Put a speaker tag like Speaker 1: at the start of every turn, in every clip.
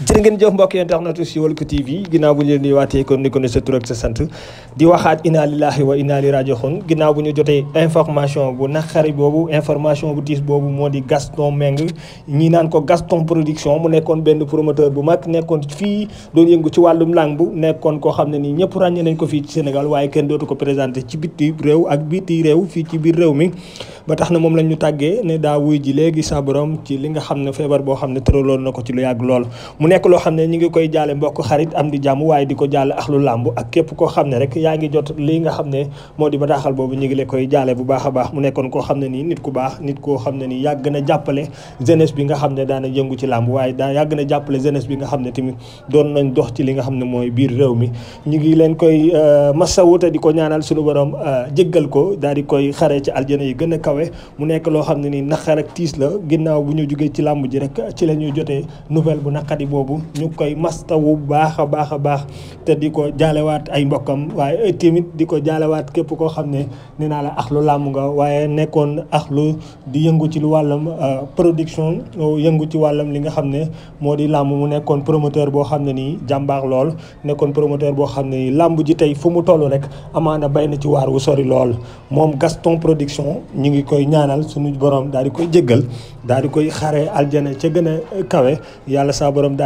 Speaker 1: jërë ngeen jëf mbokk internet si Siweulko TV ginnaaw bu ñu leen di waatee kon ni ko ne sa tur ak sa sant di waxaat inna lillahi wa inna ilayhi raji'un ginnaaw bu ñu jotee information bu naqari boobu information bu tiis boobu moo di Gaston Meng ñi naan ko Gaston production mu nekkoon benn promoteur bu mag nekkoon fii doon yëngu ci wàllum làng bu nekkoon koo xam ne nii ñëpp ràññee nañ ko fii ci Sénégal waaye kenn dootu ko présenté ci biti réew ak biti réew fii ci biir réew mi ba tax na moom lañ ñu tàggee ne daa wuy ji léegi sa borom ci li nga xam ne feebar boo xam ne tëraloon na ko ci lu lool nekk loo xam ne ñu ngi koy jaale mbokk xarit am di jàmm waaye di ko jaale axlu làmb ak képp koo xam ne rek yaa ngi jot lii nga xam ne moo di bataaxal boobu ñu ngi la koy jaale bu baax a baax nekkoon koo xam ne nii nit ku baax nit xam ne nii yàgg na jàppale jeunesse bi nga xam ne daana yëngu ci làmb waaye daa yàgg na jàppale jeunesse bi nga xam ne tamit nañ dox ci li nga xam ne mooy biir réew mi ñu ngi leen koy euh, masawuta di ko ñaanal suñu borom euh, jëggal ko daal di koy xare ci aljana yi gën a kawe mu nekk loo xam ne nii naqar ak tiis la ginnaaw bu ñu jógee ci làmb ji rek ci la ñuy jotee nouvelle bu naqari boobu boobu ñu koy mastawu baax a baax a baax te di ko jaalewaat ay mbokkam waaye tamit di ko jaalewaat képp koo xam ne nee naa la axlu làmb nga waaye nekkoon axlu di yëngu ci lu wàllam euh, production yëngu ci wàllam li nga xam ne moo di làmb mu nekkoon promoteur boo xam ne nii jàmbaax lool nekkoon promoteur boo xam ne nii làmb ji tey fu mu toll rek amaana bay na ci waar wu sori lool moom Gaston production ñu ngi koy ñaanal su borom daal di koy jéggal di koy xare aljana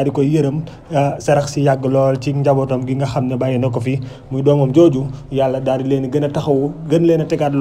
Speaker 1: di koy yërëm eh, sarax si yàgg lool ci njabootam gi nga xam ne bàyyi na ko fi muy doomam jooju yàlla daal di leen gën a taxawu gën leen a tegaat